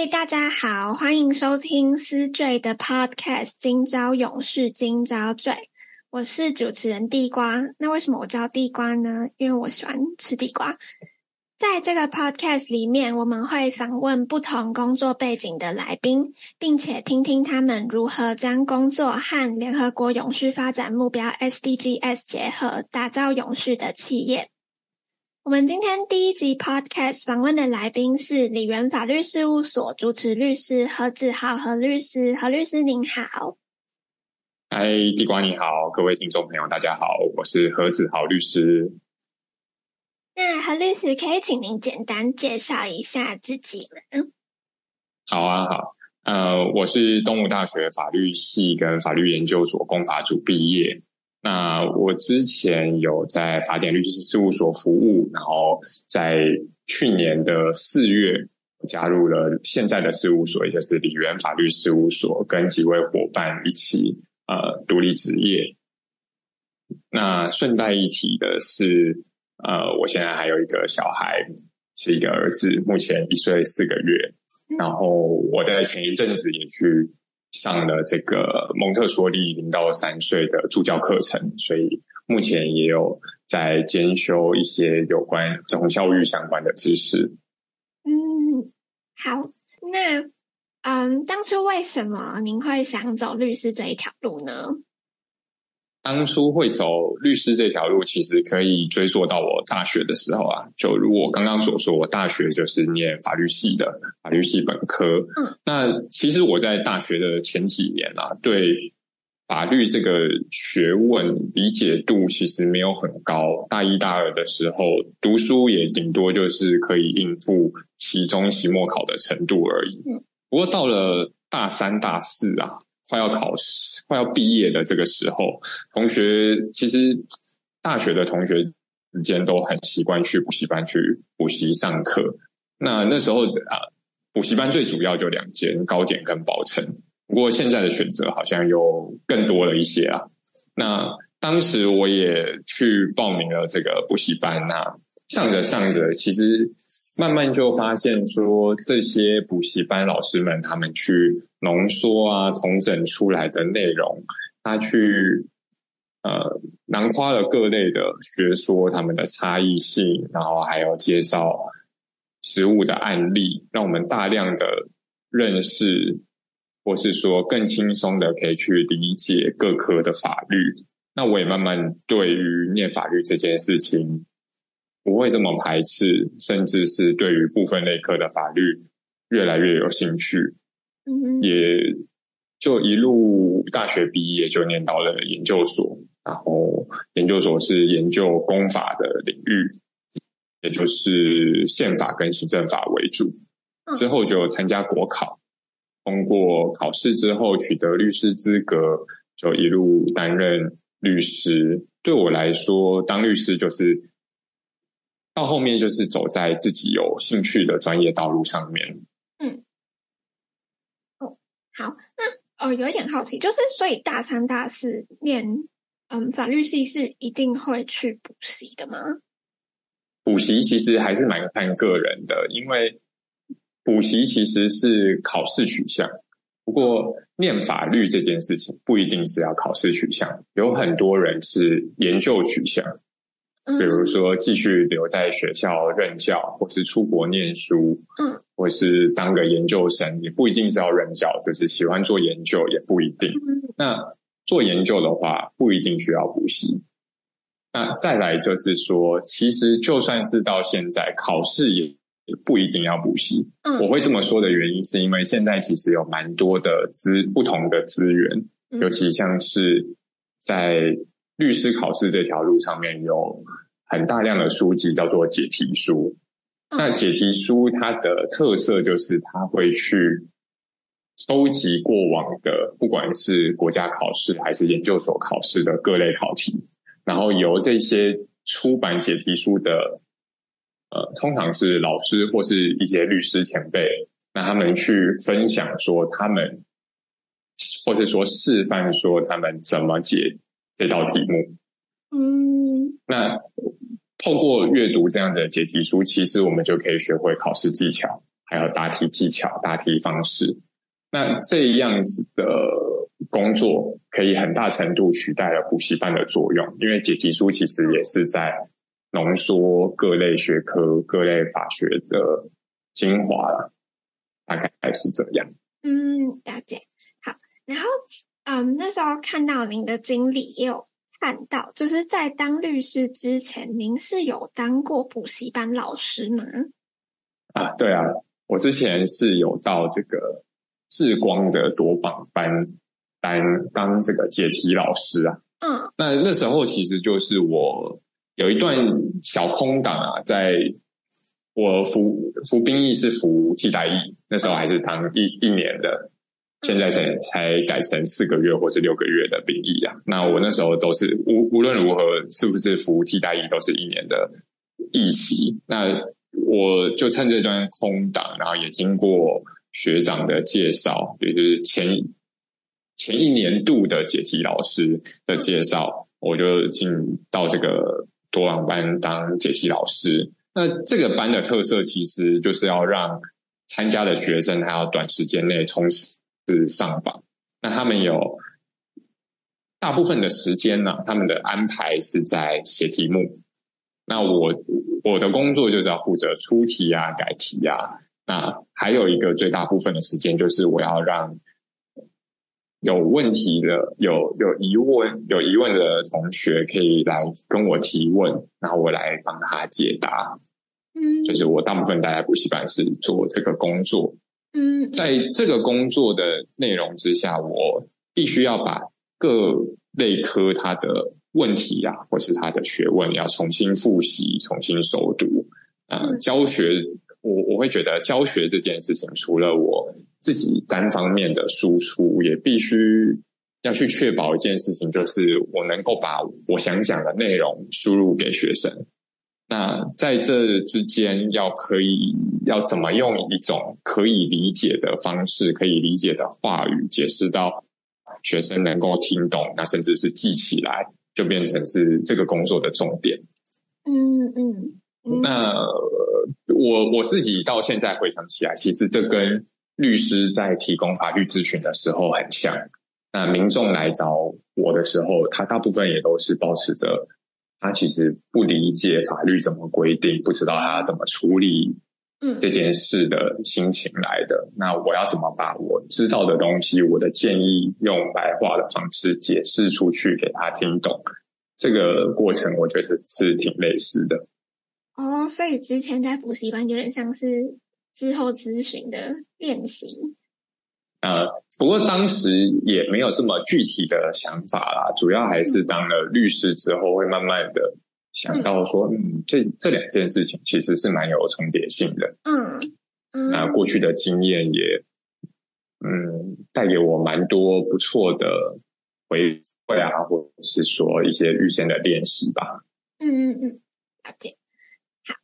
嘿，hey, 大家好，歡迎收聽《思綴的 Podcast》。今朝永續，今朝綴。我是主持人地瓜。那為什麼我叫地瓜呢？因為我喜歡吃地瓜。在這個 Podcast 裡面，我們會訪問不同工作背景的來賓，並且聽聽他們如何將工作和聯合國永續發展目標 （SDGs） 結合，打造永續的企業。我們今天第一集 Podcast 訪問的來賓是理垣法律事務所主持律師何子豪何律師，何律師，何律師您好。嗨，地瓜你好，各位聽眾朋友大家好，我是何子豪律師。那何律師可以請您簡單介紹一下自己嗎？好啊，好，呃，我是東吳大學法律系跟法律研究所公法組畢業。那我之前有在法典律師事務所服務，然後在去年的四月加入了現在的事務所，也就是理垣法律事務所，跟幾位夥伴一起呃獨立執業。那順帶一提的是，呃，我現在還有一個小孩，是一個兒子，目前一歲四個月。然後我在前一陣子也去，上了這個蒙特梭利零到三歲的助教課程，所以目前也有在兼修一些有關這種教育相關的知識。嗯，好，那嗯，當初為什麼您會想走律師這一條路呢？當初會走律師這條路，其實可以追溯到我大學的時候啊。就如我剛剛所說，我大學就是念法律系的，法律系本科。嗯，那其實我在大學的前幾年啊，對法律這個學問理解度其實沒有很高。大一、大二的時候讀書也頂多就是可以應付期中、期末考的程度而已。嗯，不過到了大三、大四啊。快要考試、快要畢業的這個時候，同學其實大學的同學之間都很習慣去補習班去補習上課。那那時候啊，補習班最主要就兩間，高點跟保成。不過現在的選擇好像又更多了一些啊。那當時我也去報名了這個補習班吶、啊。上着上着，其實慢慢就發現說，這些補習班老師們他們去濃縮啊、重整出來的內容，他去呃囊括了各類的學說，他們的差異性，然後還有介紹實務的案例，讓我們大量的認識，或是說更輕鬆的可以去理解各科的法律。那我也慢慢對於念法律這件事情。不會這麼排斥，甚至是對於部分類科的法律越來越有興趣，嗯哼，也就一路大學畢業就念到了研究所，然後研究所是研究公法的領域，也就是憲法跟行政法為主。之後就參加國考，通過考試之後取得律師資格，就一路擔任律師。對我來說，當律師就是。到後面就是走在自己有興趣的專業道路上面。嗯，哦，好，那呃，有一點好奇，就是所以大三、大四念，嗯，法律系是一定會去補習的嗎？補習其實還是蠻看個人的，因為補習其實是考試取向。不過念法律這件事情不一定是要考試取向，有很多人是研究取向。比如說，繼續留在學校任教，或是出國念書，或是當個研究生，也不一定是要任教，就是喜歡做研究也不一定。那做研究的話，不一定需要補習。那再來就是說，其實就算是到現在考試，也不一定要補習。我會這麼說的原因，是因為現在其實有蠻多的資不同的資源，尤其像是在。律師考試這條路上面有很大量的書籍叫做解題書。那解題書它的特色就是它會去收集過往的，不管是國家考試還是研究所考試的各類考題，然後由這些出版解題書的，呃，通常是老師或是一些律師前輩，那他們去分享說他們，或者說示範說他們怎麼解。這道題目，嗯，那透過閱讀這樣的解題書，其實我們就可以學會考試技巧，還有答題技巧、答題方式。那這樣子的工作可以很大程度取代了補習班的作用，因為解題書其實也是在濃縮各類學科、各類法學的精華，大概還是這樣。嗯，了解。好，然後。嗯，um, 那時候看到您的經歷，也有看到，就是在當律師之前，您是有當過補習班老師嗎？啊，對啊，我之前是有到這個志光的奪榜班班當這個解題老師啊。嗯，那那時候其實就是我有一段小空檔啊，在我服服兵役是服替代役，那時候還是當一一年的。現在才才改成四個月或是六個月的兵役啊。那我那時候都是無無論如何，是不是服務替代役都是一年的役期，那我就趁這段空檔，然後也經過學長的介紹，也就是前前一年度的解題老師的介紹，我就進到這個多朗班當解題老師。那這個班的特色其實就是要讓參加的學生還要短時間內衝刺，是上榜，那他們有大部分的時間呢、啊，他們的安排是在寫題目。那我我的工作就是要負責出題啊、改題啊。那還有一個最大部分的時間，就是我要讓有問題的、有有疑問、有疑問的同學可以來跟我提問，然後我來幫他解答。嗯，就是我大部分待在補習班是做這個工作。在這個工作的內容之下，我必須要把各類科它的問題啊，或是它的學問要重新複習、重新熟讀。呃，教學，我我會覺得教學這件事情，除了我自己單方面的輸出，也必須要去確保一件事情，就是我能夠把我想講的內容輸入給學生。那在這之間，要可以，要怎麼用一種可以理解的方式，可以理解的話語，解釋到學生能夠聽懂，那甚至是記起來，就變成是這個工作的重點。嗯嗯。嗯嗯，那我我自己到現在回想起來，其實這跟律師在提供法律諮詢的時候很像。那民眾來找我的時候，他大部分也都是抱持著。他其實不理解法律怎麼規定，不知道他怎麼處理，這件事的心情來的。嗯，那我要怎麼把我知道的東西，我的建議，用白話的方式解釋出去給他聽懂？這個過程我覺得是挺類似的。哦，所以之前在補習班有點像是之後諮詢的練習。呃，不過當時也沒有這麼具體的想法啦，主要還是當了律師之後，會慢慢的想到說，嗯，嗯，這這兩件事情其實是蠻有重疊性的。嗯，那、嗯呃、過去的經驗也，嗯，帶給我蠻多不錯的回饋啊，或者是說一些預先的練習吧。嗯嗯嗯，好的，好，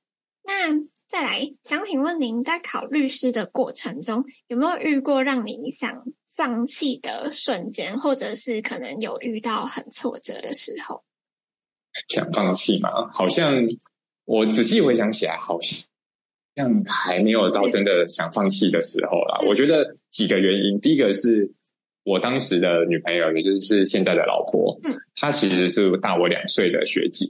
那、嗯。再來，想請問您在考律師的過程中，有沒有遇過讓你想放棄的瞬間，或者是可能有遇到很挫折的時候？想放棄嗎？好像我仔細回想起來，好像還沒有到真的想放棄的時候啦。對我覺得幾個原因，第一個是我當時的女朋友，也就是現在的老婆，嗯，她其實是大我兩歲的學姐。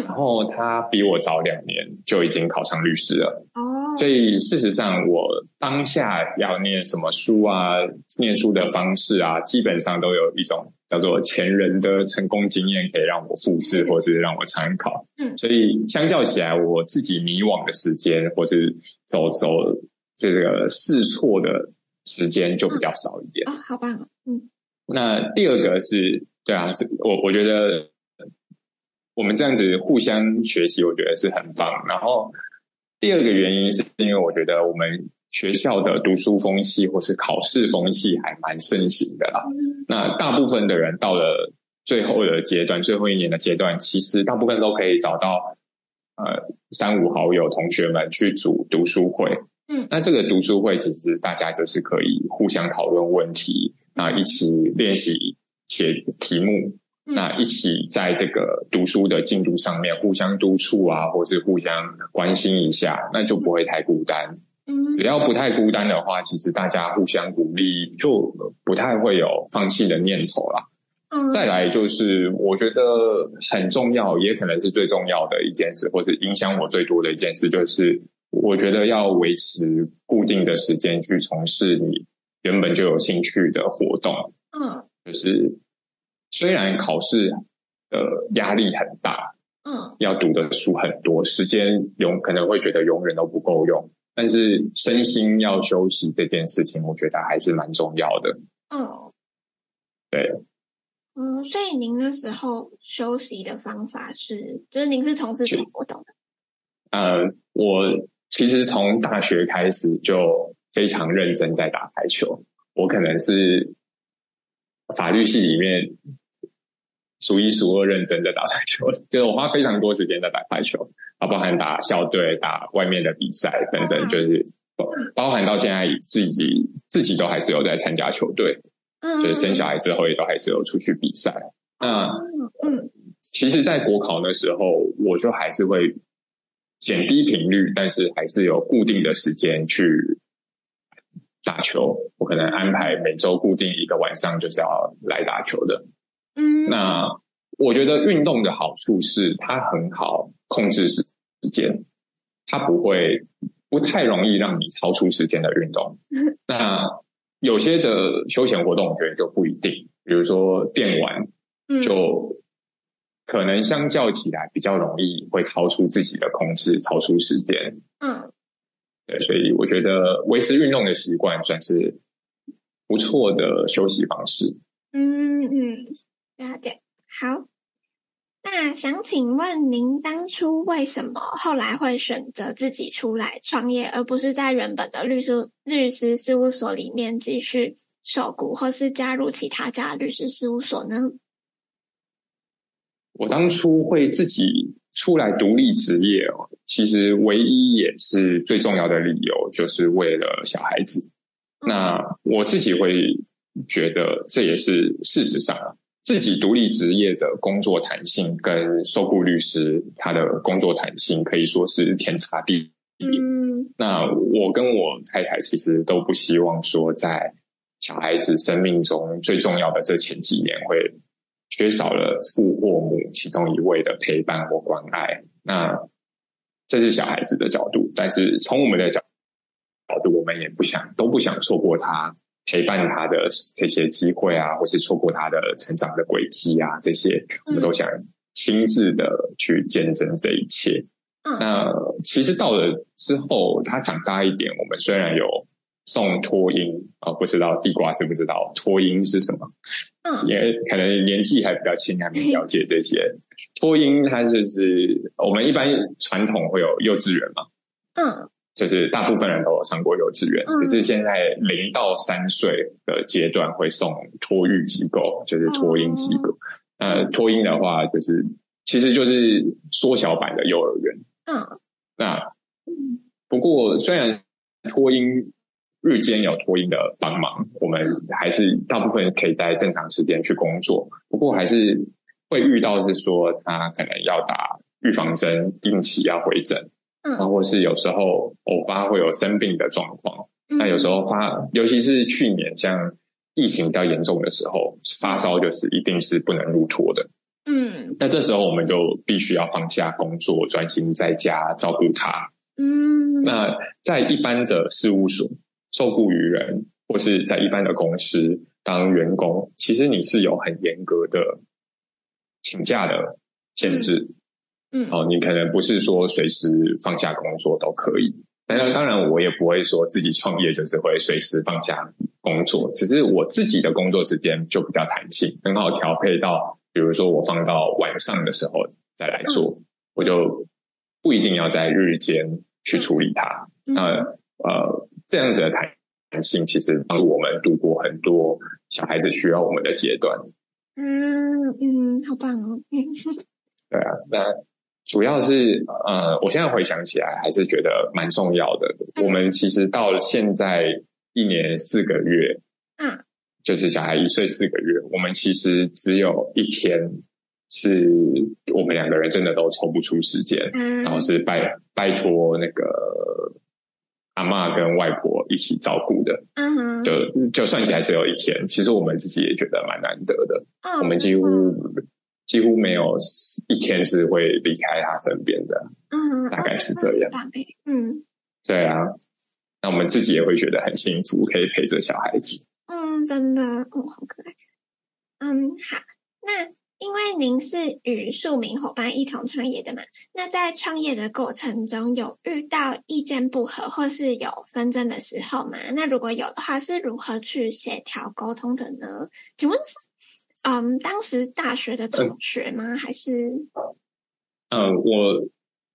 然後他比我早兩年就已經考上律師了哦，所以事實上我當下要念什麼書啊，念書的方式啊，基本上都有一種叫做前人的成功經驗可以讓我複製、嗯，或是讓我參考。嗯，所以相較起來，我自己迷惘的時間或是走走這個試錯的時間就比較少一點啊，哦哦。好吧，哦，嗯。那第二個是對啊，我我覺得。我們這樣子互相學習，我覺得是很棒。然後第二個原因是因為我覺得我們學校的讀書風氣或是考試風氣還蠻盛行的啦。那大部分的人到了最後的階段，最後一年的階段，其實大部分都可以找到呃三五好友、同學們去組讀書會。嗯，那這個讀書會其實大家就是可以互相討論問題，啊，一起練習寫題目。那一起在這個讀書的進度上面互相督促啊，或是互相關心一下，那就不會太孤單。嗯，只要不太孤單的話，其實大家互相鼓勵，就不太會有放棄的念頭啦。嗯，再來就是我覺得很重要，也可能是最重要的一件事，或是影響我最多的一件事，就是我覺得要維持固定的時間去從事你原本就有興趣的活動。嗯，就是。雖然考試的壓力很大，嗯、要讀的書很多，時間永可能會覺得永遠都不夠用，但是身心要休息這件事情，我覺得還是蠻重要的。嗯，對，嗯，所以您那時候休息的方法是，就是您是從事什麼活動、呃？我其實從大學開始就非常認真在打排球，我可能是法律系裡面、嗯。數一數二，認真的打檯球，就是我花非常多時間在打檯球啊，包含打校隊、打外面的比賽等等，就是包含到現在自己自己都還是有在參加球隊，就是生小孩之後也都還是有出去比賽。那嗯，其實，在國考的時候，我就還是會減低頻率，但是還是有固定的時間去打球。我可能安排每周固定一個晚上就是要來打球的。嗯，那我覺得運動的好處是它很好控制時間，它不會不太容易讓你超出時間的運動。那有些的休閒活動，我覺得就不一定，比如說電玩，就可能相較起來比較容易會超出自己的控制，超出時間。嗯，對，所以我覺得維持運動的習慣算是不錯的休息方式。嗯嗯。了解。好，那想請問您當初為什麼後來會選擇自己出來創業，而不是在原本的律師律師事務所裡面繼續受僱，或是加入其他家律師事務所呢？我當初會自己出來獨立執業哦，其實唯一也是最重要的理由，就是為了小孩子。那我自己會覺得，這也是事實上，啊。自己獨立職業的工作彈性，跟受雇律師他的工作彈性可以說是天差地別。那我跟我太太其實都不希望說，在小孩子生命中最重要的這前幾年，會缺少了父或母其中一位的陪伴或關愛。那這是小孩子的角度，但是從我們的角度，我們也不想都不想錯過他，陪伴他的這些機會啊，或是錯過他的成長的軌跡啊，這些我們都想親自的去見證這一切。嗯、那其實到了之後，他長大一點，我們雖然有送托嬰，啊、哦，不知道地瓜知不知道托嬰是什麼？嗯、也可能年紀還比較輕，還沒了解這些。嘿托嬰它就是我們一般傳統會有幼稚園嘛。嗯。就是大部分人都有上過幼稚園，嗯、只是現在零到三歲的階段會送托育機構，就是托嬰機構。呃、嗯，那托嬰的話，就是其實就是縮小版的幼兒園。嗯，那不過雖然托嬰日間有托嬰的幫忙，我們還是大部分人可以在正常時間去工作。不過還是會遇到是說他可能要打預防針，定期要回診。嗯、啊，或是有時候偶發會有生病的狀況，嗯、那有時候發，尤其是去年像疫情比較嚴重的時候，發燒就是一定是不能入托的。嗯，那這時候我們就必須要放下工作，專心在家照顧他。嗯，那在一般的事務所受僱於人，或是在一般的公司當員工，其實你是有很嚴格的請假的限制。嗯嗯，好、哦，你可能不是說隨時放下工作都可以，但是當然我也不會說自己創業就是會隨時放下工作，只是我自己的工作時間就比較彈性，很好調配到，比如說我放到晚上的時候再來做，哦、我就不一定要在日間去處理它。嗯、那呃，這樣子的彈性其實幫助我們度過很多小孩子需要我們的階段。嗯嗯，好棒哦。 對啊，那。主要是呃、嗯，我現在回想起來還是覺得蠻重要的。嗯、我們其實到了現在一年四個月，嗯，就是小孩一歲四個月，我們其實只有一天是我們兩個人真的都抽不出時間，嗯，然後是拜拜托那個阿嬤跟外婆一起照顧的，嗯，就就算起來只有一天，其實我們自己也覺得蠻難得的，嗯，我們幾乎、嗯。幾乎沒有一天是會離開他身邊的，嗯，大概是這樣，嗯，嗯對啊，那我們自己也會覺得很幸福，可以陪着小孩子，嗯，真的，嗯、哦，好可愛，嗯，好，那因為您是與數名夥伴一同創業的嘛，那在創業的過程中有遇到意見不合或是有紛爭的時候嘛，那如果有的話是如何去協調溝通的呢？請問是？ 嗯，um, 當時大學的同學嗎？呃、還是？呃，我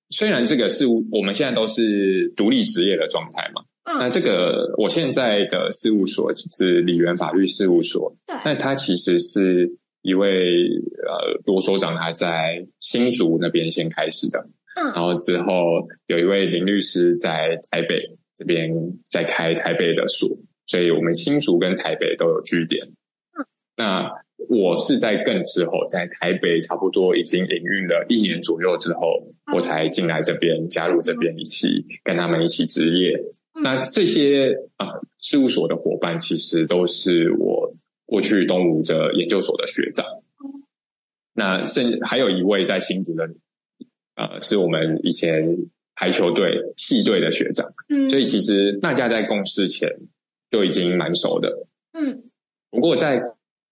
雖然這個事務，我們現在都是獨立職業的狀態嘛。嗯。那這個我現在的事務所是理垣法律事務所。對。那他其實是一位呃，羅所長，他在新竹那邊先開始的。嗯。然後之後有一位林律師在台北這邊在開台北的所，所以我們新竹跟台北都有據點。嗯。那。我是在更之後，在台北差不多已經營運了一年左右之後，我才進來這邊加入這邊一起跟他們一起執業。那這些、啊、事務所的夥伴其實都是我過去東吳的研究所的學長，那甚至還有一位在新竹的、啊，是我們以前排球隊系隊的學長。所以其實大家在共事前就已經蠻熟的。嗯，不過在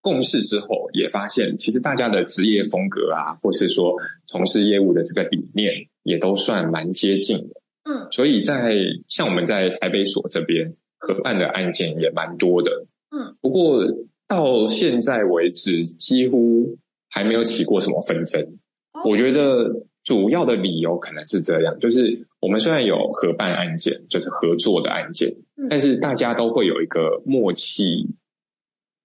共事之後，也發現其實大家的職業風格啊，或是說從事業務的這個理念，也都算蠻接近的。嗯，所以在像我們在台北所這邊合辦的案件也蠻多的。不過到現在為止，幾乎還沒有起過什麼紛爭。我覺得主要的理由可能是這樣，就是我們雖然有合辦案件，就是合作的案件，但是大家都會有一個默契。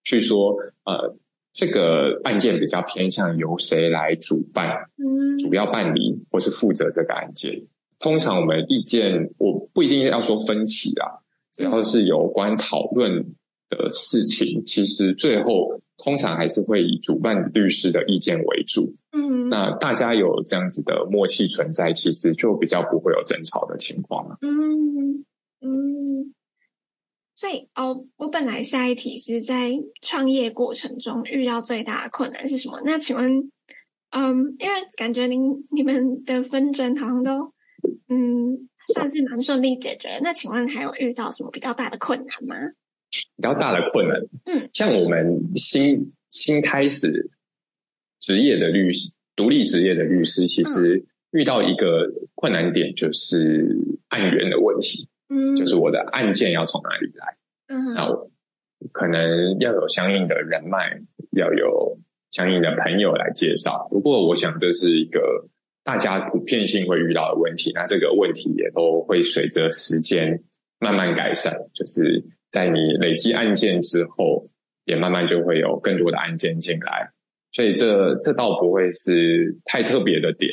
去說，呃，這個案件比較偏向由誰來主辦，嗯、主要辦理或是負責這個案件。通常我們意見，嗯、我不一定要說分歧啊，只要是有關討論的事情，嗯、其實最後通常還是會以主辦律師的意見為主。嗯，那大家有這樣子的默契存在，其實就比較不會有爭吵的情況。嗯嗯。嗯所以，哦，我本來下一題是在創業過程中遇到最大的困難是什麼？那請問，嗯，因為感覺您你，你們的紛爭好像都，嗯，算是蠻順利解決。那請問還有遇到什麼比較大的困難嗎？比較大的困難，嗯，像我們新新開始職業的律師，獨立職業的律師，律師其實遇到一個困難點就是案源的問題。就是我的案件要從哪裡來？嗯哼，那我可能要有相應的人脈，要有相應的朋友來介紹。不過，我想這是一個大家普遍性會遇到的問題。那這個問題也都會隨着時間慢慢改善。就是在你累積案件之後，也慢慢就會有更多的案件進來。所以這，這這倒不會是太特別的點。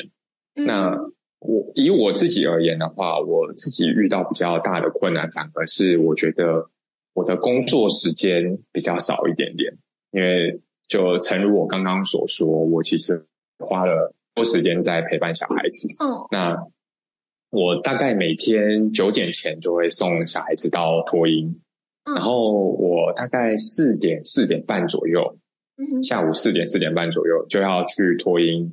嗯。那。我以我自己而言的話，我自己遇到比較大的困難，反而是我覺得我的工作時間比較少一點點，因為就誠如我剛剛所說，我其實花了多時間在陪伴小孩子。嗯，那我大概每天九點前就會送小孩子到托嬰，然後我大概四點四點半左右，下午四點四點半左右就要去托嬰，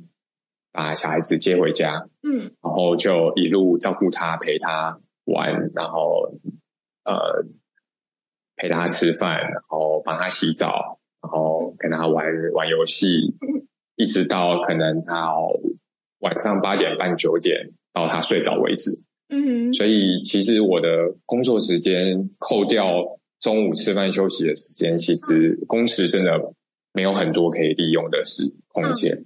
把小孩子接回家，嗯，然後就一路照顧他，陪他玩，然後呃陪他吃飯，然後幫他洗澡，然後跟他玩玩遊戲，嗯、一直到可能他晚上八點半九點，到他睡着為止。嗯哼，所以其實我的工作時間扣掉中午吃飯休息的時間，其實工時真的沒有很多可以利用的時空間。嗯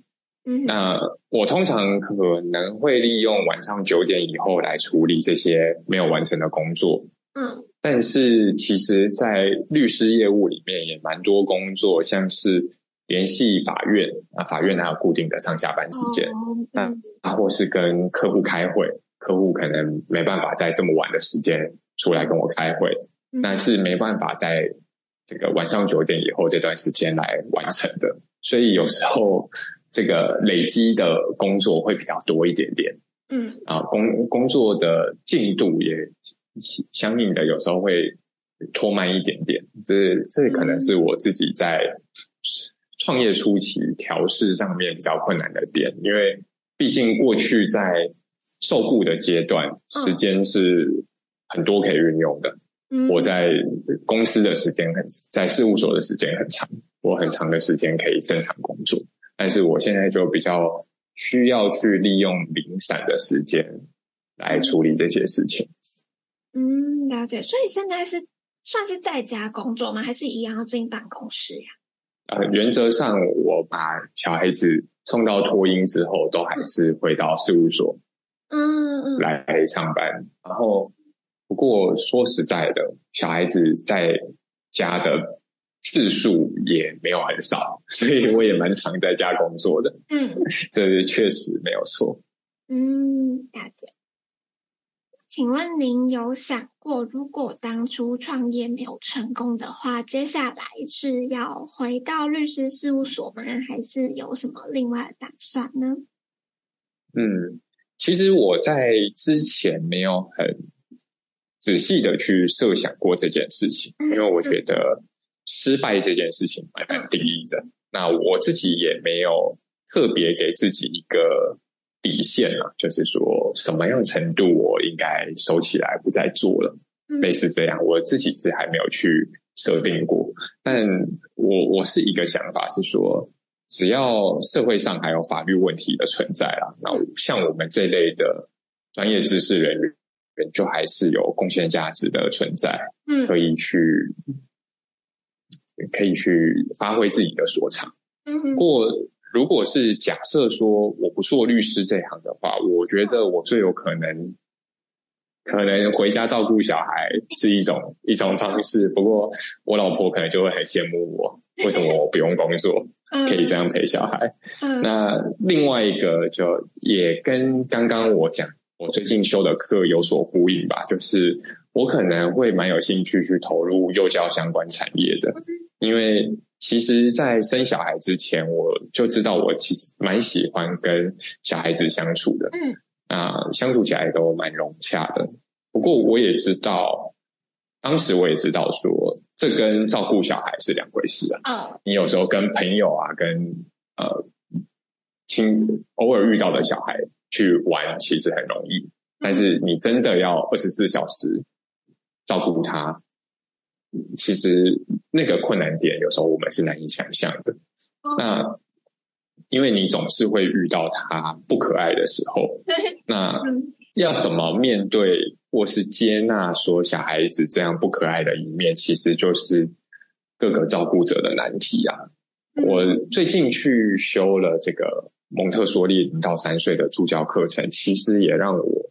那我通常可能會利用晚上九點以後來處理這些沒有完成的工作。嗯，但是其實，在律師業務裡面也蠻多工作，像是聯繫法院、嗯、啊，法院還有固定的上下班時間、哦。嗯，啊，或是跟客戶開會，客戶可能沒辦法在這麼晚的時間出來跟我開會，那、嗯、是沒辦法在這個晚上九點以後這段時間來完成的。所以有時候。嗯這個累積的工作會比較多一點點，嗯，啊，工工作的進度也相應的有時候會拖慢一點點。這這可能是我自己在創業初期調適上面比較困難的點，因為畢竟過去在受僱的階段，時間是很多可以運用的。嗯。我在公司的時間很，在事務所的時間很長，我很長的時間可以正常工作。但是我現在就比較需要去利用零散的時間來處理這些事情。嗯，了解。所以現在是算是在家工作嗎？還是一樣要進辦公室呀、啊，嗯？原則上我把小孩子送到托嬰之後，都還是回到事務所，嗯嗯，來上班。嗯嗯嗯。然後，不過說實在的，小孩子在家的次數也沒有很少，所以我也蠻常在家工作的。嗯，這確實沒有錯。嗯，了解，請問您有想過，如果當初創業沒有成功的話，接下來是要回到律師事務所嗎？還是有什麼另外的打算呢？嗯，其實我在之前沒有很仔細的去設想過這件事情，嗯，因為我覺得。失敗這件事情來定義的。那我自己也沒有特別給自己一個底線啊，就是說什麼樣程度我應該收起來不再做了，類似這樣，我自己是還沒有去設定過。但我我是一個想法是說，只要社會上還有法律問題的存在啊，那像我們這類的專業知識人員，就還是有貢獻價值的存在，可以去。可以去發揮自己的所長。嗯，不過如果是假設說我不做律師這行的話，我覺得我最有可能可能回家照顧小孩是一種一種方式。不過我老婆可能就會很羨慕我，為什麼我不用工作，可以這樣陪小孩？那另外一個就也跟剛剛我講我最近修的課有所呼應吧，就是我可能會蠻有興趣去投入幼教相關產業的。因為其實，在生小孩之前，我就知道我其實蠻喜歡跟小孩子相處的。嗯，啊、呃，相處起來都蠻融洽的。不過，我也知道，當時我也知道說，說這跟照顧小孩是兩回事啊。哦、你有時候跟朋友啊，跟呃親，偶爾遇到的小孩去玩，其實很容易。嗯、但是，你真的要二十四小時照顧他。其實那個困難點，有時候我們是難以想象的。哦、那因為你總是會遇到他不可愛的時候，嘿嘿那要怎麼面對或是接納說小孩子這樣不可愛的一面，其實就是各個照顧者的難題啊。嗯、我最近去修了這個蒙特梭利零到三歲的助教課程，其實也讓我，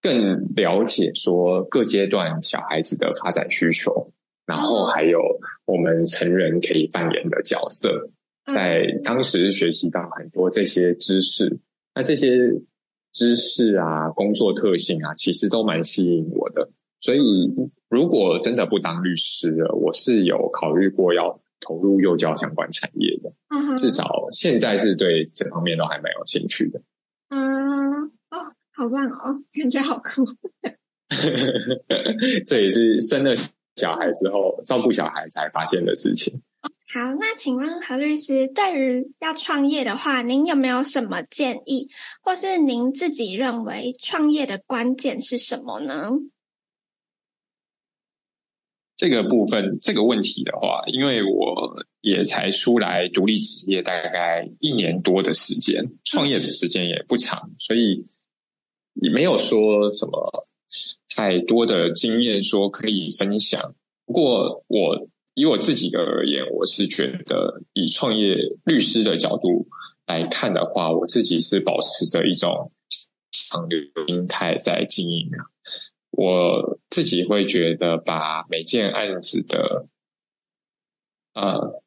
更了解說各階段小孩子的發展需求，然後還有我們成人可以扮演的角色，在當時學習到很多這些知識。那這些知識啊，工作特性啊，其實都蠻吸引我的。所以如果真的不當律師了，我是有考慮過要投入幼教相關產業的。至少現在是對這方面都還蠻有興趣的。嗯好棒哦，感覺好酷！這也 是生了小孩之後照顧小孩才發現的事情。好，那請問何律師，對於要創業的話，您有沒有什麼建議，或是您自己認為創業的關鍵是什麼呢？這個部分，這個問題的話，因為我也才出來獨立執業大概一年多的時間，創業的時間也不長，所以。也沒有說什麼太多的經驗說可以分享。不過我，我以我自己的而言，我是覺得以創業律師的角度來看的話，我自己是保持着一種長流的心態在經營。我自己會覺得，把每件案子的呃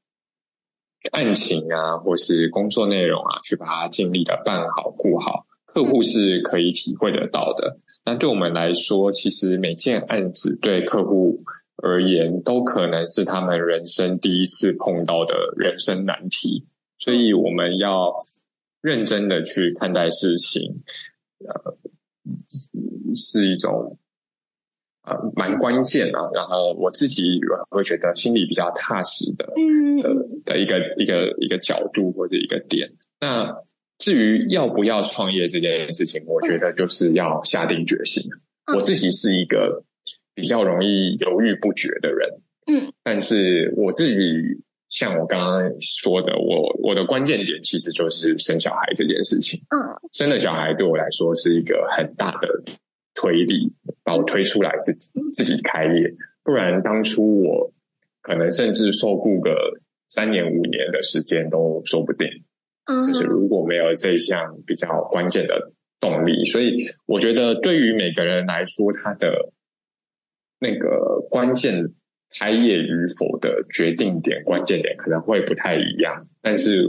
案情啊，或是工作內容啊，去把它盡力的辦好，顧好。客戶是可以體會得到的。那對我們來說，其實每件案子對客戶而言，都可能是他們人生第一次碰到的人生難題。所以，我們要認真的去看待事情，呃、是一種、呃、蠻關鍵啊。然後，我自己會覺得心裡比較踏實的，嗯、呃，的一個一個一個角度或者一個點。那。至於要不要創業這件事情，我覺得就是要下定決心。我自己是一個比較容易猶豫不決的人，嗯，但是我自己像我剛剛說的，我我的關鍵點其實就是生小孩這件事情。嗯，生了小孩對我來說是一個很大的推力，把我推出來自己自己開業，不然當初我可能甚至受雇個三年五年的時間都說不定。就是如果沒有這一項比較關鍵的動力，所以我覺得對於每個人來說，他的那個關鍵開業與否的決定點關鍵點可能會不太一樣。但是，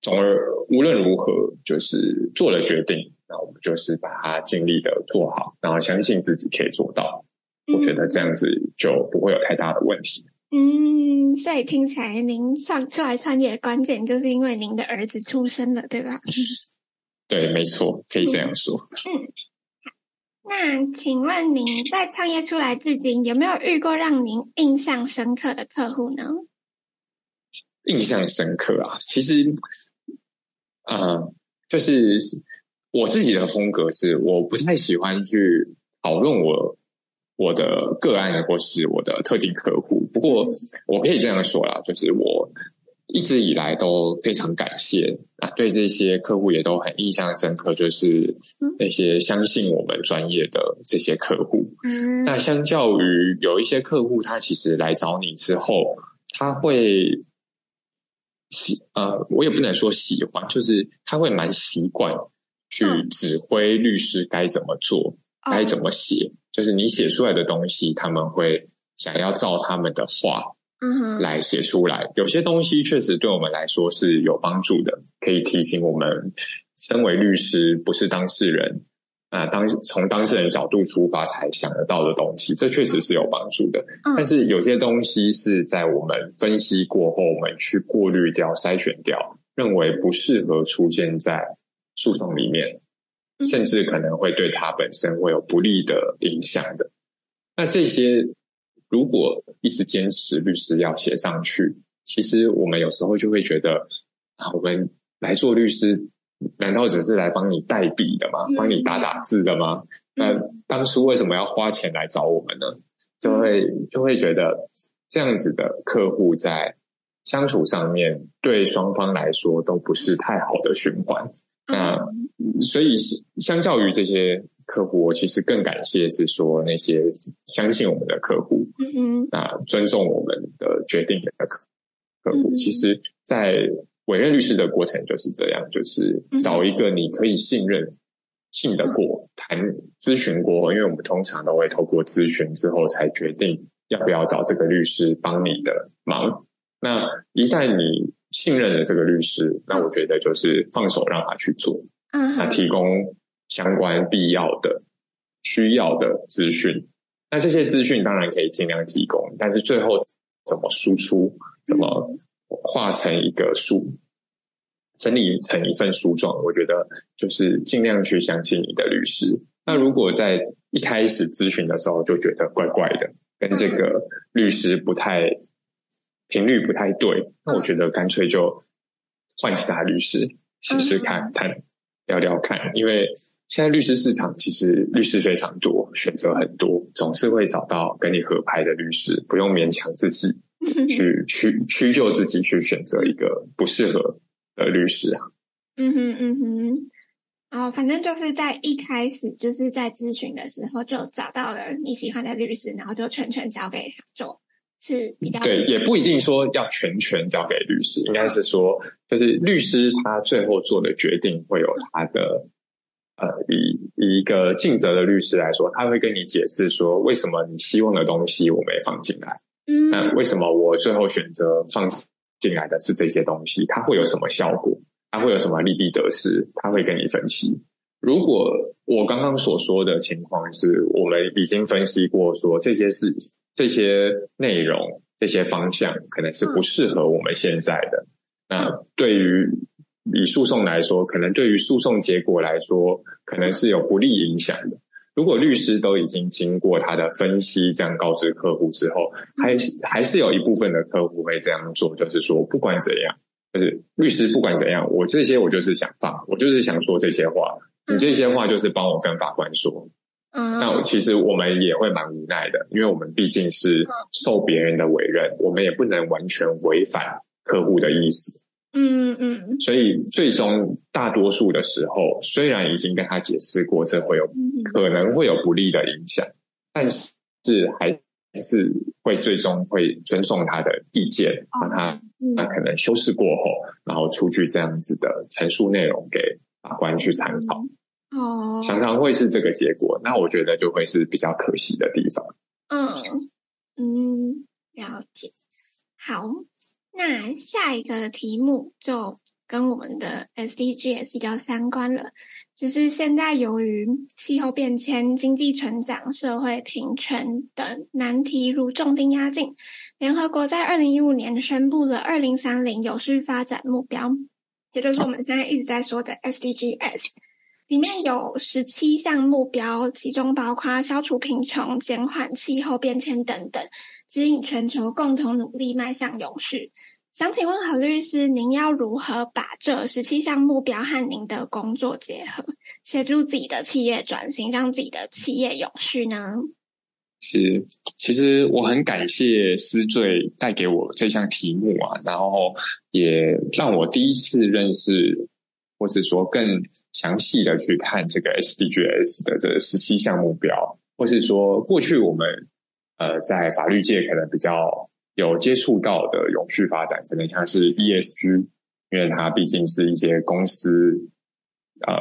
總而無論如何，就是做了決定，那我們就是把它盡力的做好，然後相信自己可以做到。我覺得這樣子就不會有太大的問題。嗯，所以聽起來您創出來創業的關鍵就是因為您的兒子出生了，對吧？對，沒錯，可以這樣說嗯。嗯，那請問您在創業出來至今，有沒有遇過讓您印象深刻的客戶呢？印象深刻啊，其實，啊、呃，就是我自己的風格是我不太喜歡去討論我。我的個案，或是我的特定客戶。不過我可以這樣說啦，就是我一直以來都非常感謝啊，對這些客戶也都很印象深刻，就是那些相信我們專業的這些客戶。嗯，那相較於有一些客戶，他其實來找你之後，他會喜呃，我也不能說喜歡，嗯，就是他會蠻習慣去指揮律師該怎麼做。該怎麼寫？Oh. 就是你寫出來的東西，他們會想要照他們的話，嗯，來寫出來。Uh huh. 有些東西確實對我們來說是有幫助的，可以提醒我們，身為律師不是當事人啊、呃，當從當事人角度出發才想得到的東西，這確實是有幫助的。Uh huh. 但是有些東西是在我們分析過後，我們去過濾掉、篩選掉，認為不適合出現在訴訟裡面。甚至可能會對他本身會有不利的影響的。那這些如果一直堅持律師要寫上去，其實我們有時候就會覺得啊，我們來做律師，難道只是來幫你代筆的嗎？幫你打打字的嗎？那當初為什麼要花錢來找我們呢？就會就會覺得這樣子的客戶在相處上面對雙方來說都不是太好的循環。那。所以，相較於這些客戶，我其實更感謝的是說那些相信我們的客戶，那尊重我們的決定的客客戶。其實，在委任律師的過程就是這樣，就是找一個你可以信任、信得過、談、諮詢過，因為我們通常都會透過諮詢之後才決定要不要找這個律師幫你的忙。那一旦你信任了這個律師，那我覺得就是放手讓他去做。他、嗯、提供相關必要的、需要的資訊。那這些資訊當然可以盡量提供，但是最後怎麼輸出，怎麼畫成一個書、嗯、整理成一份書狀，我覺得就是盡量去相信你的律師。嗯、那如果在一開始諮詢的時候就覺得怪怪的，跟這個律師不太頻率不太對，那、嗯、我覺得乾脆就換其他律師試試看，看、嗯。聊聊看，因為現在律師市場其實律師非常多，選擇很多，總是會找到跟你合拍的律師，不用勉強自己去屈屈 就自己去選擇一個不適合的律師啊。嗯哼嗯哼，哦，反正就是在一開始就是在諮詢的時候就找到了你喜歡的律師，然後就全權交給他做。是比較對，也不一定說要全權交給律師，應該是說，就是律師他最後做的決定會有他的，呃，以，以一個盡責的律師來說，他會跟你解釋說，為什麼你希望的東西我沒放進來，嗯，那為什麼我最後選擇放進來的是這些東西，它會有什麼效果？它會有什麼利弊得失？他會跟你分析。如果我剛剛所說的情況是我們已經分析過，說這些事。這些內容、這些方向可能是不適合我們現在的。那對於以訴訟來說，可能對於訴訟結果來說，可能是有不利影響的。如果律師都已經經過他的分析，這樣告知客戶之後，還是還是有一部分的客戶會這樣做，就是說，不管怎樣，就是律師不管怎樣，我這些我就是想放，我就是想說這些話，你這些話就是幫我跟法官說。嗯，uh huh. 那其實我們也會蠻無奈的，因為我們畢竟是受別人的委任，uh huh. 我們也不能完全違反客戶的意思。嗯嗯嗯。Huh. 所以最終大多數的時候，雖然已經跟他解釋過這會有、uh huh. 可能會有不利的影響，但是還是會最終會尊重他的意見，讓他那、uh huh. 可能修飾過後，然後出具這樣子的陳述內容給法官去參考。Uh huh. 哦，oh, 常常會是這個結果，嗯、那我覺得就會是比較可惜的地方。嗯嗯，了解。好，那下一個題目就跟我們的 SDGs 比較相關了，就是現在由於氣候變遷、經濟成長、社會平權等難題如重兵壓境，聯合國在二零一五年宣布了二零三零永續發展目標，也就是我們現在一直在說的 SDGs。裡面有十七項目標，其中包括消除貧窮、減緩氣候變遷等等，指引全球共同努力邁向永續。想請問何律師，您要如何把這十七項目標和您的工作結合，協助自己的企業轉型，讓自己的企業永續呢？是，其實我很感謝思綴帶給我這項題目啊，然後也讓我第一次認識。或是說更詳細的去看這個 SDGs 的這十七項目標，或是說過去我們呃在法律界可能比較有接觸到的永續發展，可能像是 ESG，因為它畢竟是一些公司呃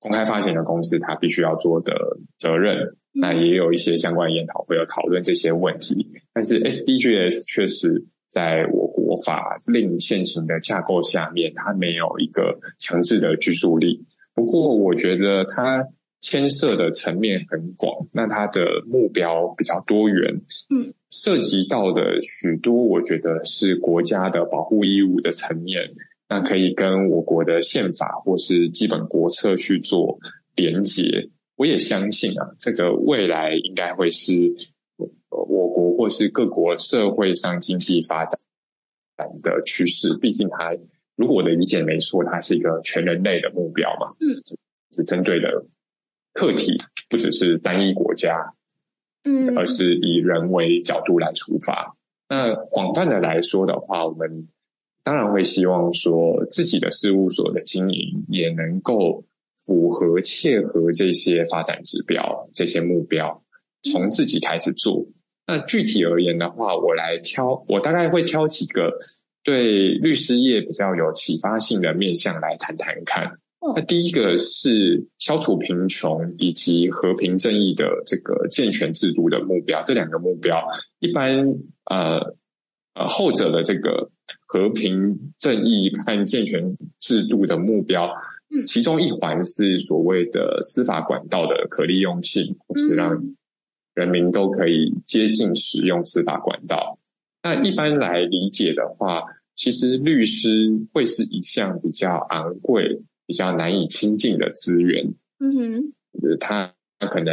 公開發行的公司，它必須要做的責任。那也有一些相關研討會有討論這些問題，但是 SDGs 確實。在我國法令現行的架構下面，它沒有一個強制的拘束力。不過，我覺得它牽涉的層面很廣，那它的目標比較多元，嗯，涉及到的許多，我覺得是國家的保護義務的層面，那可以跟我國的憲法或是基本國策去做連結。我也相信啊，這個未來應該會是。我國或是各國社會上經濟發展的趨勢，畢竟它，如果我的理解沒錯，它是一個全人類的目標嘛，嗯，是針對的客體不只是單一國家，嗯，而是以人為角度來出發。嗯，那廣泛的來說的話，我們當然會希望說自己的事務所的經營也能夠符合切合這些發展指標、這些目標，從自己開始做。嗯那具體而言的話，我來挑，我大概會挑幾個對律師業比較有啟發性的面向來談談看。那第一個是消除貧窮以及和平正義的這個健全制度的目標，這兩個目標，一般呃呃後者的這個和平正義和健全制度的目標，其中一環是所謂的司法管道的可利用性，是讓、嗯。人民都可以接近使用司法管道。那一般來理解的話，其實律師會是一項比較昂貴、比較難以親近的資源。嗯哼，他他可能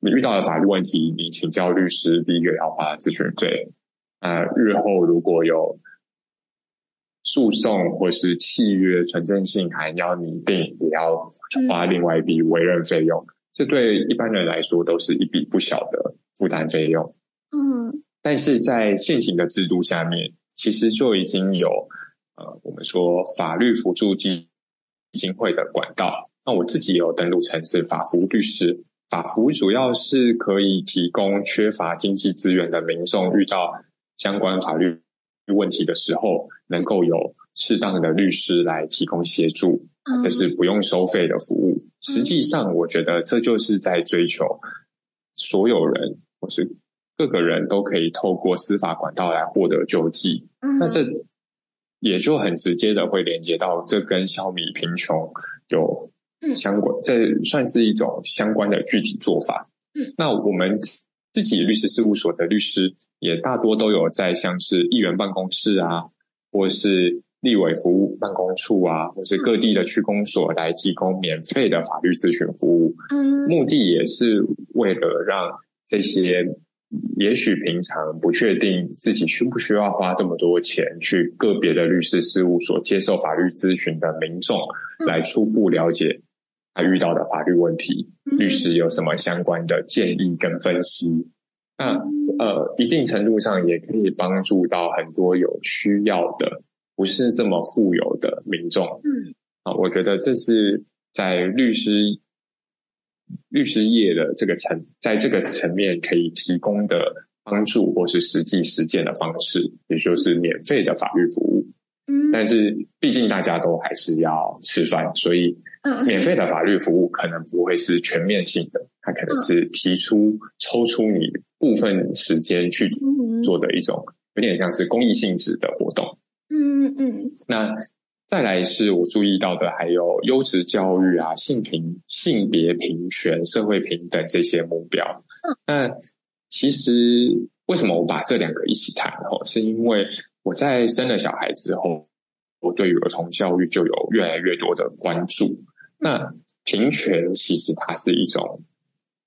你遇到了法律問題，你請教律師，第一個要花諮詢費。啊、呃，日後如果有訴訟或是契約存證信函，還要擬定，也要花另外一筆委任費用。嗯這對一般人來說都是一筆不小的負擔費用。嗯，但是在現行的制度下面，其實就已經有呃，我們說法律輔助基基金會的管道。那我自己也有登錄成是法服律師，法服主要是可以提供缺乏經濟資源的民眾遇到相關法律問題的時候，能夠有適當的律師來提供協助。這是不用收費的服務。實際上，我覺得這就是在追求所有人或是各個人都可以透過司法管道來獲得救濟。Uh huh. 那這也就很直接的會連接到這跟消弭貧窮有相關。嗯，這算是一種相關的具體做法。嗯，那我們自己律師事務所的律師也大多都有在像是議員辦公室啊，或是。立委服務辦公處啊，或是各地的區公所來提供免費的法律諮詢服務，目的也是為了讓這些也許平常不確定自己需不需要花這麼多錢去個別的律師事務所接受法律諮詢的民眾，來初步了解他遇到的法律問題，律師有什麼相關的建議跟分析，那、啊、呃，一定程度上也可以幫助到很多有需要的，不是這麼富有的民眾，嗯，啊，我覺得這是在律師律師業的這個層，在這個層面可以提供的幫助或是實際實踐的方式，也就是免費的法律服務，嗯，但是畢竟大家都還是要吃飯，所以，免費的法律服務可能不會是全面性的，它可能是提出、嗯、抽出你部分時間去做的一種，有點像是公益性質的活動。嗯嗯，嗯，那再來是我注意到的，還有優質教育啊、性平、性別平權、社會平等這些目標。嗯。那其實為什麼我把這兩個一起談，吼，是因為我在生了小孩之後，我對於兒童教育就有越來越多的關注。那平權其實它是一種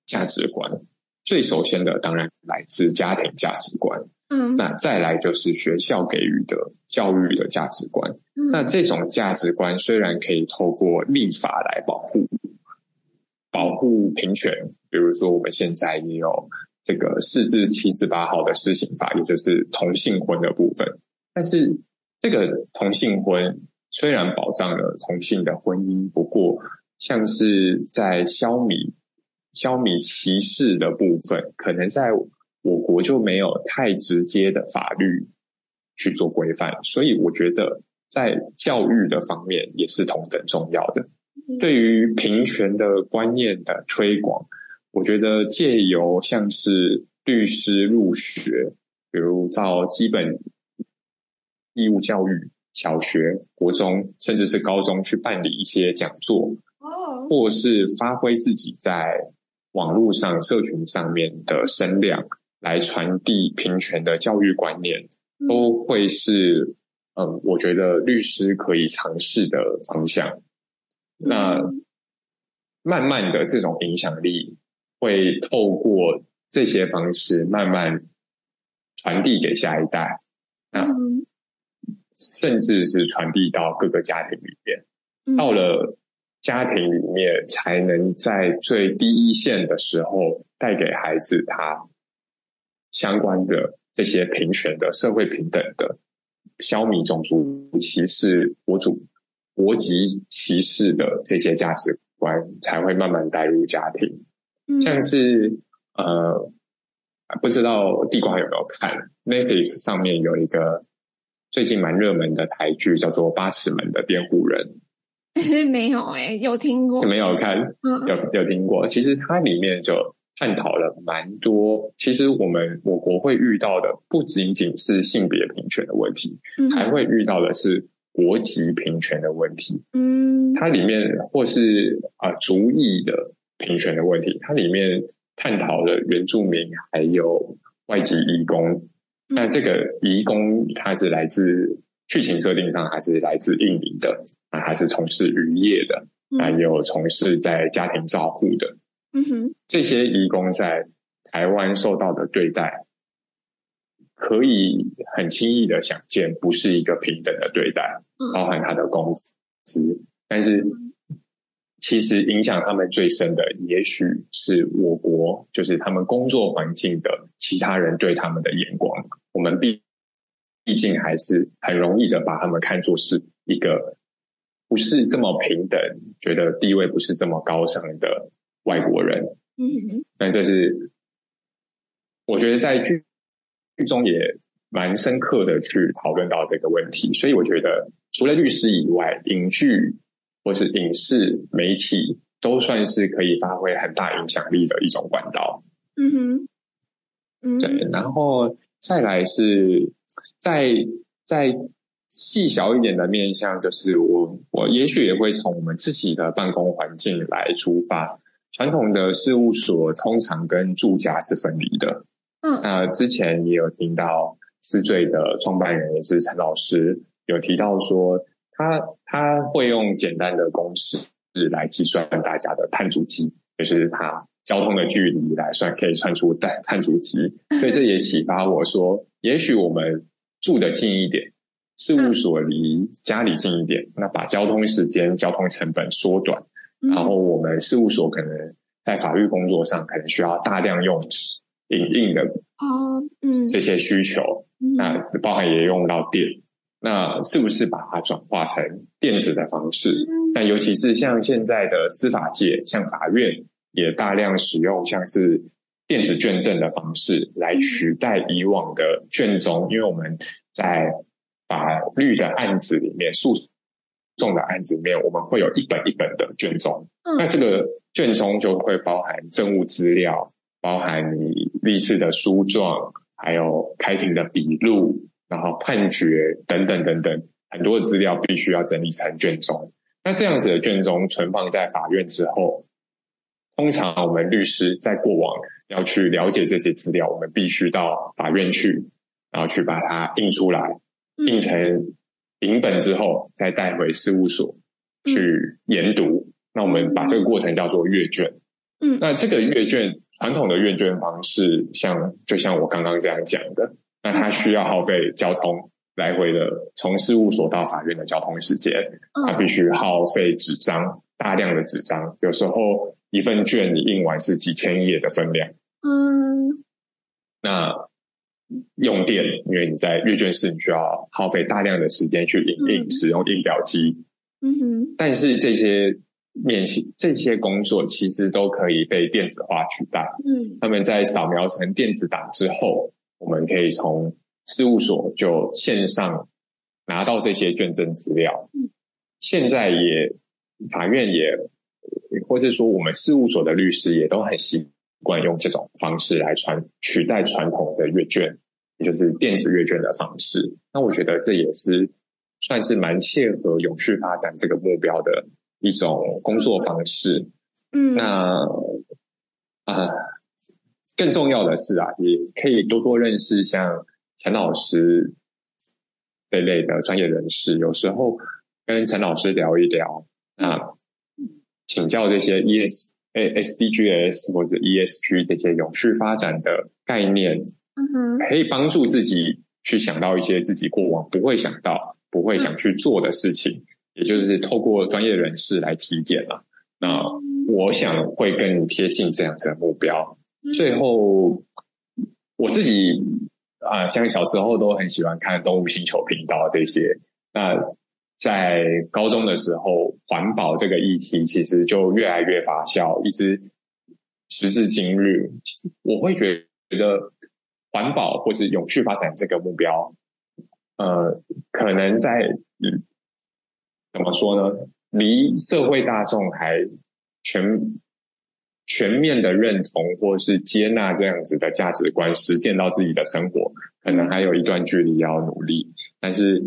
價值觀，最首先的當然來自家庭價值觀。那再來就是學校給予的教育的價值觀。嗯、那這種價值觀雖然可以透過立法來保護，保護平權，嗯、比如說我們現在也有這個釋字七四八號的施行法，嗯、也就是同性婚的部分。但是這個同性婚雖然保障了同性的婚姻，不過像是在消弭消弭歧視的部分，可能在。我國就沒有太直接的法律去做規範，所以我覺得在教育的方面也是同等重要的。對於平權的觀念的推廣，我覺得借由像是律師入學，比如到基本義務教育小學、國中，甚至是高中去辦理一些講座，或是發揮自己在網絡上、社群上面的聲量。來傳遞平權的教育觀念，都會是嗯，我覺得律師可以嘗試的方向。那、嗯、慢慢的，這種影響力會透過這些方式慢慢傳遞給下一代，那嗯，甚至是傳遞到各個家庭裡面。嗯、到了家庭裡面，才能在最第一線的時候帶給孩子他。相關的這些平權的、社會平等的、消弭種族歧視、國主國籍歧視的這些價值觀，才會慢慢帶入家庭。像是、嗯、呃，不知道地瓜有沒有看 Netflix、嗯，上面有一個最近蠻熱門的台劇，叫做《八尺門的辯護人》。沒有哎、欸，有聽過，沒有看，有有聽過。嗯、其實它裡面就。探討了蠻多，其實我們我國會遇到的不僅僅是性別平權的問題，嗯、哼還會遇到的是國籍平權的問題。嗯，它裡面或是啊、呃、族裔的平權的問題，它裡面探討了原住民，還有外籍移工。那、嗯、哼這個移工，它是來自劇情設定上，還是來自印尼的啊？還是從事漁業的，還、啊、有從事在家庭照護的。嗯嗯哼，這些移工在台灣受到的對待，可以很輕易的想見，不是一個平等的對待，嗯、包含他的工資。但是，其實影響他們最深的，也許是我國，就是他們工作環境的其他人對他們的眼光。我們畢，畢竟還是很容易的把他們看作是一個，不是這麼平等，覺得地位不是這麼高尚的。外國人，嗯，但這是我覺得在劇劇中也蠻深刻的去討論到這個問題，所以我覺得除了律師以外，影劇或是影視媒體都算是可以發揮很大影響力的一種管道。嗯哼，嗯，對，然後再來是在，在在細小一點的面向，就是我我也許也會從我們自己的辦公環境來出發。傳統的事務所通常跟住家是分離的。嗯，那之前也有聽到思睿的創辦人也是陳老師有提到說他，他他會用簡單的公式來計算大家的碳足跡，也就是他交通的距離來算，可以算出碳碳足跡。所以這也啟發我說，也許我們住的近一點，事務所離家裡近一點，嗯、那把交通時間、嗯、交通成本縮短。然後我們事務所可能在法律工作上可能需要大量用紙、影印的啊，嗯，這些需求，哦嗯、那包含也用到電，嗯、那是不是把它轉化成電子的方式？那、嗯、尤其是像現在的司法界，嗯、像法院也大量使用像是電子卷證的方式來取代以往的卷宗，嗯、因為我們在法律的案子裡面訴。送的案子裡面，我們會有一本一本的卷宗。嗯、那這個卷宗就會包含證物資料，包含你歷史的書狀，還有開庭的筆錄，然後判決等等等等，很多資料必須要整理成卷宗。嗯、那這樣子的卷宗存放在法院之後，通常我們律師在過往要去了解這些資料，我們必須到法院去，然後去把它印出來，印成、嗯。影本之後，再帶回事務所去研讀。嗯，那我們把這個過程叫做閱卷。嗯，那這個閱卷傳統的閱卷方式像，像就像我剛剛這樣講的，那它需要耗費交通來回的，從事務所到法院的交通時間。它必須耗費紙張，大量的紙張，有時候一份卷你印完是幾千頁的分量。嗯，那。用電，因為你在閱卷室，你需要耗費大量的時間去影印，使用印表機。嗯哼，嗯，但是這些面，這些工作其實都可以被電子化取代。嗯，他們在掃描成電子檔之後，我們可以從事務所就線上拿到這些卷證資料。現在也法院也，或是說我們事務所的律師也都很習慣用這種方式來傳取代傳統的閱卷。就是電子閱卷的方式，那我覺得這也是算是蠻切合永續發展這個目標的一種工作方式。嗯，那啊，更重要的是啊，也可以多多認識像陳老師這類的專業人士。有時候跟陳老師聊一聊，啊，請教這些 ES，呃，SDGs 或者 ESG 這些永續發展的概念。嗯哼，可以幫助自己去想到一些自己過往不會想到、不會想去做的事情，嗯、也就是透過專業人士來體檢了。那我想會更貼近這樣子的目標。最後，我自己啊，像小時候都很喜歡看《動物星球》頻道這些。那在高中的時候，環保這個議題其實就越來越發酵，一直時至今日，我會覺得。環保或是永續發展這個目標，呃，可能在，嗯，怎麼說呢？離社會大眾還全全面的認同或是接納這樣子的價值觀，實踐到自己的生活，可能還有一段距離要努力。但是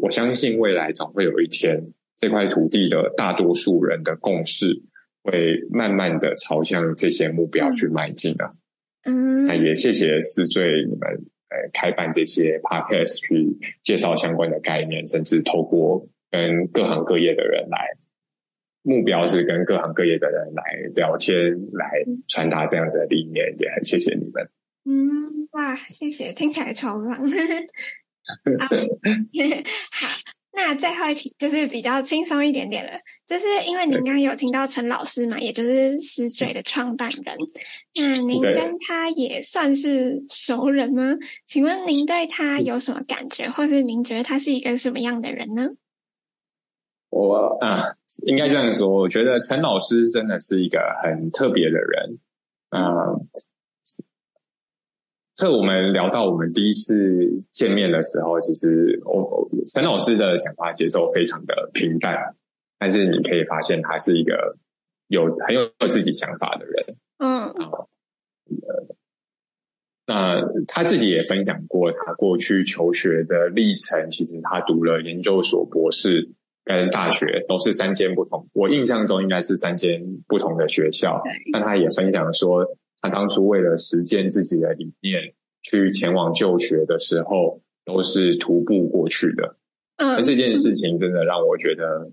我相信未來總會有一天，這塊土地的大多數人的共識會慢慢的朝向這些目標去邁進的啊。嗯，也謝謝思醉你們，呃，開辦這些 podcast 去介紹相關的概念，嗯、甚至透過跟各行各業的人來，目標是跟各行各業的人來聊天，來傳達這樣子的理念，也很謝謝你們。嗯，哇，謝謝，聽起來超棒。 啊、 好。那最後一題就是比較輕鬆一點點了，就是因為您剛有聽到陳老師嘛，對也就是思水的創辦人，那您跟他也算是熟人嗎？對請問您對他有什麼感覺，或是您覺得他是一個什麼樣的人呢？我啊、嗯，應該這樣說，我覺得陳老師真的是一個很特別的人，啊、嗯。這我們聊到我們第一次見面的時候，其實我、哦、陳老師的講話節奏非常的平淡，但是你可以發現他是一個有很有自己想法的人。嗯，啊、嗯，那他自己也分享過他過去求學的歷程。其實他讀了研究所、博士跟大學都是三間不同。我印象中應該是三間不同的學校。但他也分享說。當初為了實踐自己的理念，去前往就學的時候，都是徒步過去的。嗯、呃，這件事情真的讓我覺得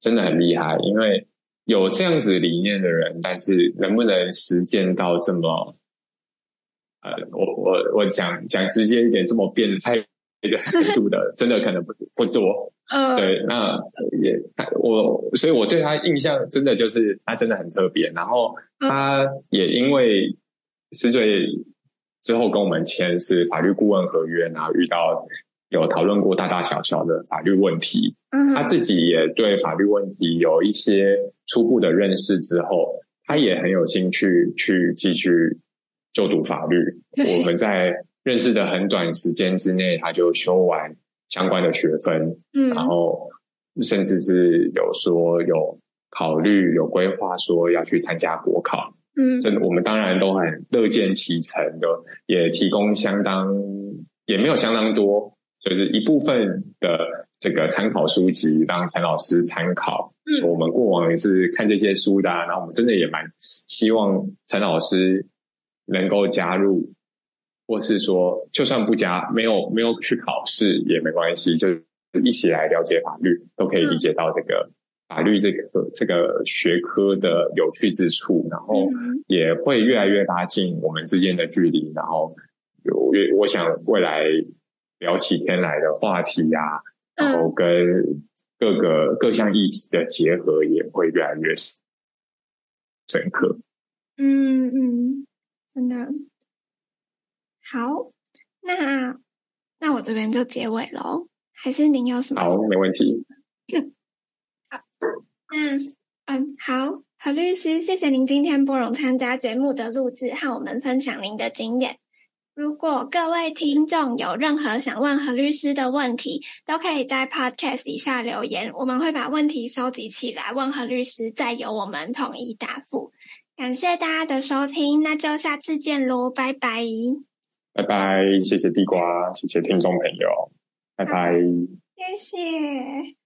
真的很厲害，因為有這樣子理念的人，但是能不能實踐到這麼……呃、我我我講講直接一點，這麼變態的尺度的，對 真的可能不不多。嗯，uh, 對，那也我，所以我對他印象真的就是他真的很特別。然後他也因為是最之後跟我們簽是法律顧問合約，然後遇到有討論過大大小小的法律問題。嗯、uh，huh. 他自己也對法律問題有一些初步的認識之後，他也很有興趣去繼續就讀法律。Uh huh. 我們在認識的很短時間之內，他就修完相關的學分，嗯，然後甚至是有說有考慮有規劃說要去參加國考，嗯，真的我們當然都很樂見其成的，就也提供相當也沒有相當多，就是一部分的這個參考書籍讓陳老師參考，嗯，我們過往也是看這些書的啊，然後我們真的也蠻希望陳老師能夠加入，或是說，就算不加，沒有沒有去考試也沒關係，就一起來了解法律，都可以理解到這個法律這個這個學科的有趣之處，然後也會越來越拉近我們之間的距離，然後有越我想未來聊起天來的話題啊，然後跟各個各項議題的結合也會越來越深刻。嗯嗯，嗯，真的。好，那那我這邊就結尾嘍。還是您有什麼問題？好，沒問題。好、 啊，嗯，好，何律師，謝謝您今天撥冗參加節目的錄製，和我們分享您的經驗。如果各位聽眾有任何想問何律師的問題，都可以在 Podcast 底下留言，我們會把問題收集起來，問何律師，再由我們統一答覆。感謝大家的收聽，那就下次見嘍，拜拜。拜拜，謝謝地瓜，謝謝聽眾朋友，拜拜，啊，謝謝。